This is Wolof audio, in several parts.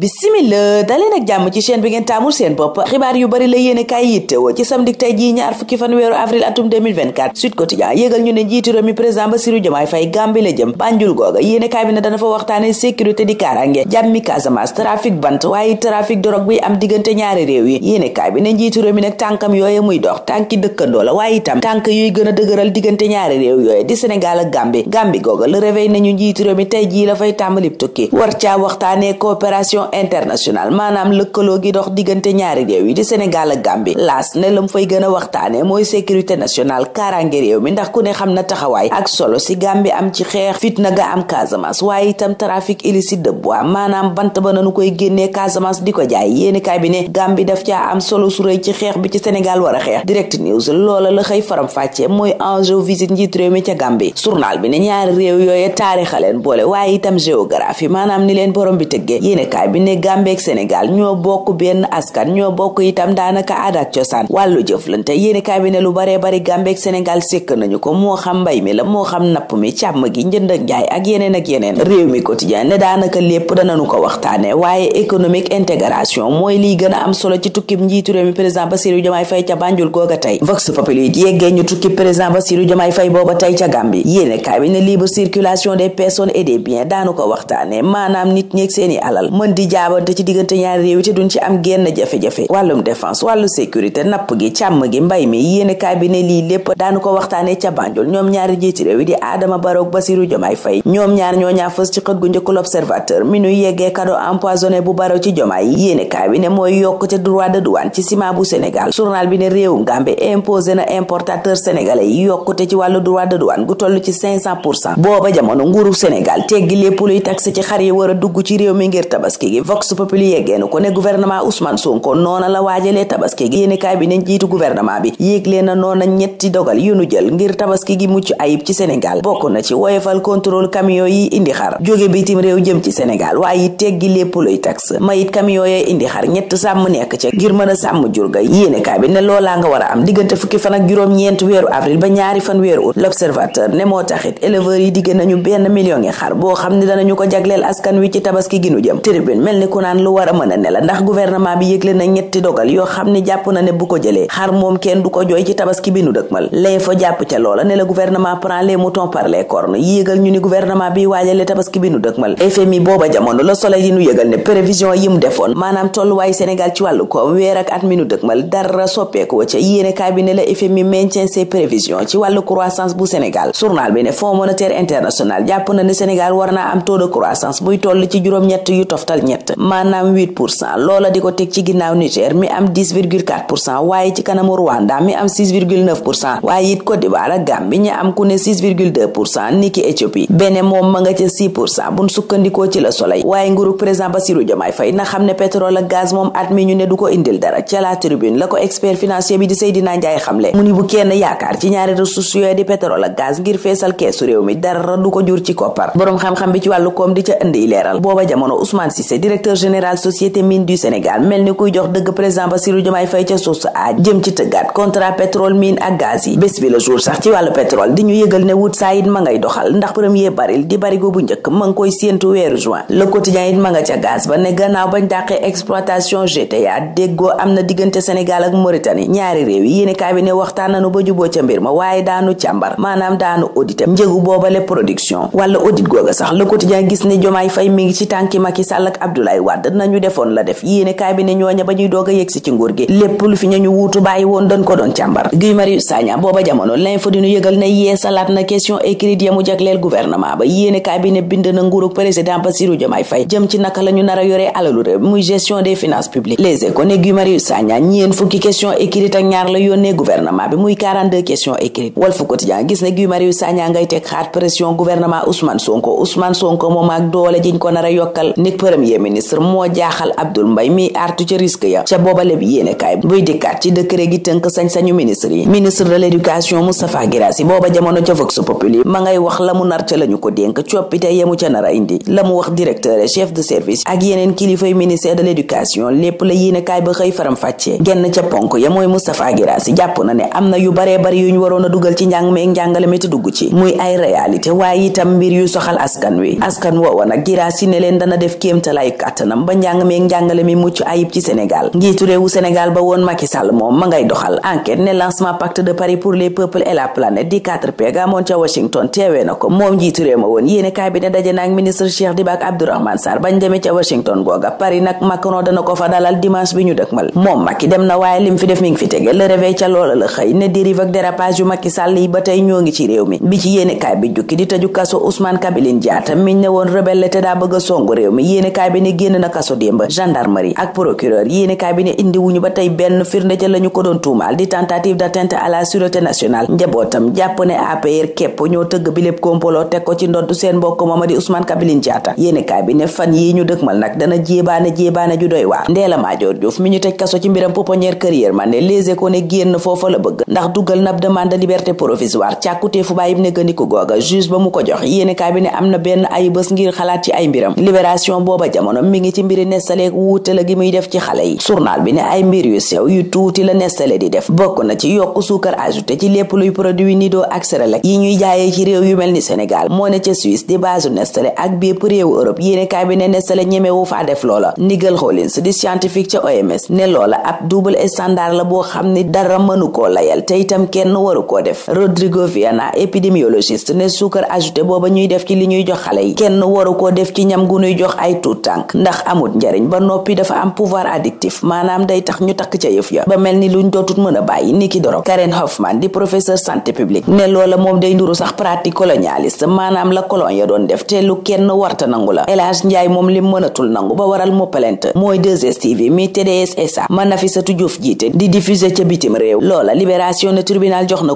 bisimila daleen ak jàmm ci chaîne bi ngeen taamul seen bopp xibaar yu bari la yéene kaay yittewoo ci samedi tey jii a dëgëral jii la fay tàmbalib tukki war caa waxtaane coopération internationale maanaam lëkkaloo gi dox diggante ñaari réew yi di Sénégal ak Gambie laas ne lam fay gën a waxtaane mooy sécurité nationale kaaraange réew mi ndax ku ne xam na taxawaay ak solo si Gambie am ci xeex fitna ga am Casamance waaye itam trafic illicite de bois maanaam bant ba nanu koy génnee Casamance di ko jaay yéeni kaay bi ne Gambie daf caa am solo su rëy ci xeex bi ci Sénégal war a xeex direct news loola la xëy faram fàcce mooy enjeu visite njiit réew mi ca Gambie journal bi ne ñaari réew yooye taarixa leen boole waaye itam bi ne Gambie Sénégal ñoo bokk benn askan ñoo bokk itam daanaka aada ak cosaan wàllu jëflante yéeni kaay bi ne lu baree bari gàmbeek ak Sénégal sékk nañu ko moo xam mbay mi la moo xam napp mi càmm gi njënd ak njaay ak yeneen ak yeneen réew mi quotidien ne daanaka lépp danañu ko waxtaane waaye économique intégration mooy liy gën a am solo ci tukkib njiitu réew mi président Bassirou Diomaye Faye ca Banjul googa tey vox populi yi ñu tukki président Bassirou Diomaye Faye booba tey ca Gambie yéene kaay bi ne libre circulation des personnes et des biens daanu ko waxtaane maanaam nit ñeeg seeni alal mën di jaabante ci diggante ñaari réew yi te duñ ci am génn jafe-jafe wàllum défense wàllu sécurité napp gi càmm gi mbay mi yéene kaay bi ne lii lépp daanu ko waxtaane ca ñoom ñaari njiiti réew yi di Adama Barrow ak Bassirou Diomaye ñoom ñaar ñoo fës ci xët gu njëkk l'Observateur mi nuy yeggee cadeau empoisonné bu Barrow ci Diomaye yi kaay bi ne mooy yokkute droit de douane ci ciment bu Sénégal journal bi ne réewum Gambie imposé na importateur sénégalais a dugg gi vox populi yeggeenu ko ne gouvernement Ousmane Sonko noona la waajalee tabaski gi yéenekaay bi ne njiitu gouvernement bi yéegle na noona ñetti dogal yu nu jël ngir tabaski gi mucc ayib ci Sénégal bokk na ci woyefal contrôle camion yi indi xar jóge bitim réew jëm ci Sénégal waaye it teggi lépp luy tax mayit camion yooy indi xar ñett sàmm nekk ca ngir mën a sàmm jur ga yéenekaay bi ne loolaa nga war a am diggante fukki fan ak juróom-ñeent weeru avril ba ñaari fan weeru août l'observateur ne moo taxit éleveurs yi digg nañu benn million ngi xar boo xam ne danañu mel ni ku naan lu war a mën a ne la ndax gouvernement bi yëgle na ñetti dogal yoo xam ne jàpp na ne bu ko jëlee xar moom kenn du ko jooy ci tabaski bi nu dëkmal lay fa jàpp ca la gouvernement prend les moutons par les cornes yéegal ñu ni gouvernement bi waajale tabaski bi nu dëkmal FMI booba jamono la soleil yi mu defoon maanaam tolluwaayu Sénégal ci wàllu koom weer ak at mi nu dëkmal dara soppeeku wa ca yéene kaay bi ne la FMI maintient ses ci wàllu croissance bu Sénégal journal bi ne fonds monétaire international jàpp na ne Sénégal war na am taux de croissance buy toll ci juróom-ñett yu toftal ñett maanaam loola di ko teg ci ginnaaw Niger mi am waaye ci kanamu Rwanda mi am 6 virgule 9 pour cent waaye it Côte am ku ne niki Éthiopie Bénin moom ma nga ca 6 pour sukkandikoo ci Le Soleil waaye nguuru président Bassirou Diomaye Faye na xam ne pétrole ak gaz moom at mi ñu ne du ko indil dara ca la tribune la ko expert financier bi di Seydina Ndiaye xamle mu ni bu kenn yaakaar ci ñaari ressources yooyu di pétrole ak gaz ngir feesal keesu réew mi dara du ko jur directeur général société mine du Sénégal mel ni kuy jox dëgg président Bassirou Diomaye Faye ca source a jëm ci tëggaat contrat pétrole mine ak gaz yi bés bi le jour sax ci wàllu pétrole di ñu yëgal ne Woodside ma ngay doxal ndax premier baril di barigo bu njëkk ma ngi koy séentu weeru juin le quotidien it ma nga ca gaz ba ne gannaaw bañ dàqee exploitation GTA am na diggante Sénégal ak Mauritanie ñaari réew yi yéene kaay bi ne waxtaan nanu ba juboo ca mbir ma waaye daanu càmbar maanaam daanu audité njëgu boobale production wala audit googa sax le quotidien gis ne Diomaye Faye mi ngi ci tànki Macky Sall ak Abdoulaye Wade nañu defoon la def yéene kaay ñooña ba ñuy doog a yegsi ci nguur gi lépp lu fi ñañu wuutu bàyyi woon dañ ko doon càmbar Guy Marius Sagna booba jamono question écrite ya mu jagleel gouvernement ba yéene bi muy gestion des question écrite ak ñaar la yónnee gis ne Guy Marius Sagna ngay teg xaat pression gouvernement Ousmane Sonko Ousmane Sonko moom ak doole jiñ ko nar a yokkal ni premier ministre moo jaaxal Abdoul Mbaye miy artu ca risque ya ca boobale bi yéenekaay buy dikkaat ci décret gi tënk sañ-sañu ministre yi ministre de l'éducation Moustapha Guirassy booba jamono ca Vox Populi ma ngay wax la nar ca lañu ko dénk coppite yemu ca nar a indi la wax directeur chef de service ak yeneen kilifay ministère de l'éducation lépp la yéenekaay ba xëy faram fàccee genn ca ponk ya mooy Moustapha Guirassy jàpp na ne am na yu baree bari a yu soxal askan ay kàttanam ba njàng meeg njàngale mi mucc ayib ci Sénégal njiitu réewu Sénégal ba woon Macky Sall moom ma ngay doxal enquête ne lancement pacte de Paris pour les peuples et la di 4P ca Washington teewee na ko moom njiitu ma woon yéene kaay bi ne daje naag ministre Cheikh Diback Abdourahmane Sarr bañ demee ca Washington googa Paris nag Macron dana ko fa dalal dimanche bi ñu dëkmal moom Macky dem na waaye lim fi def mi fi tege a yéenekaay bi ne génn na kaso démb gendarmerie ak procureur yéenekaay bi ne ba tey benn firnde ca lañu ko doon tuumaal di tentative d'atteinte à la sûreté nationale njabootam jàpp ne APR képp ñoo tëgg bi lépp kompoloo teg ko ci ndoddu seen mbokk mooma di Ousmane Kabiline Diatta yéenekaay bi ne fan yi ñu dëkmal nag dana jéebaane jéebaane ju doy waar Ndella Madior Diouf mi ñu tej kaso ci mbiram pouponnière Kër Yërmande Les Échos ne génn foofa la bëgg ndax dugal nab demande de liberté provisoire càkkutee fu bàyyib ne gëndiku googa juge ba mu ko jox yéenekaay bi ne am na benn ay bés ngir xalaat ci ay mbiram libération jamono mi ngi ci mbiri nestaleeg wuute la gi muy def ci xale yi journal bi ne ay mbir yu sew yu tuuti la nestale di def bokk na ci yokk suukar ajouté ci ñuy def ci li ñuy jox xale yi kenn waru koo def ci ñam gu ñuy jox ay tuut tànk ndax amut njariñ ba noppi dafa am pouvoir addictif maanaam day tax ñu takk ca yëf ya ba mel ni luñ dootut mën a bàyyi ni ki dorog Karen Hoffman di professeur santé publique ne loola moom day nduru sax pratique colonialiste maanaam la colon ya doon def te lu kenn warta nangu la El Hadj moom li mënatul nangu ba waral mu mooy 2STV mi TDS SA ma Nafissatou Diouf jiite di diffuser ca bitim réew loola libération ne tribunal jox na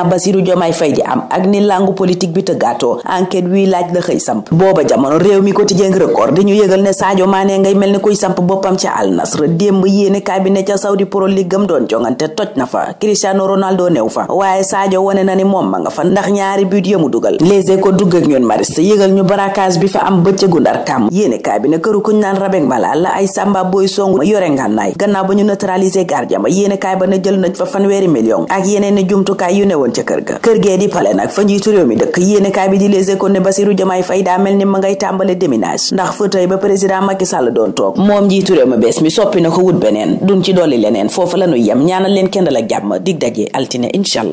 a Bassirou Diomaye Faye di am ak ni langue politique bi tëggaatoo enquête wi laaj la xëy samp booba jamono réew mi quotidien record di ñu yëgal ne Sadio Mané ngay mel ni kuy samp boppam ca Al Nassr démb yéene kaay bi ne ca Saudi Pro League gam doon jongante toj na fa Cristiano Ronaldo new fa waaye Sadio wane na ni moom ma nga fa ndax ñaari but yëmu dugal Les Échos dugg ak ñun yëgal ñu braquage bi fa am bëccëgu Ndar kàmm yéene kaay bi ne këru kuñ naan rabek malal la ay samba boy songu yore ngànnaay gannaaw ba ñu neutraliser gardien ba yéene kaay ba ne jël nañ fa fanweeri million ak yeneen jumtukaay yu ne woon ca kër ga kër gee di pale nag fa njiitu réew mi dëkk bi di Les Échos ne Bassirou Diomaye Faye daa mel ni ma ngay tàmbale déménage ndax fauteuil ba président Macky Sall doon toog moom njiitu bees mi soppi na ko wut beneen duñ ci dolli leneen foofu lañu yem ñaanal leen kenn la jàmm dig daje altine incha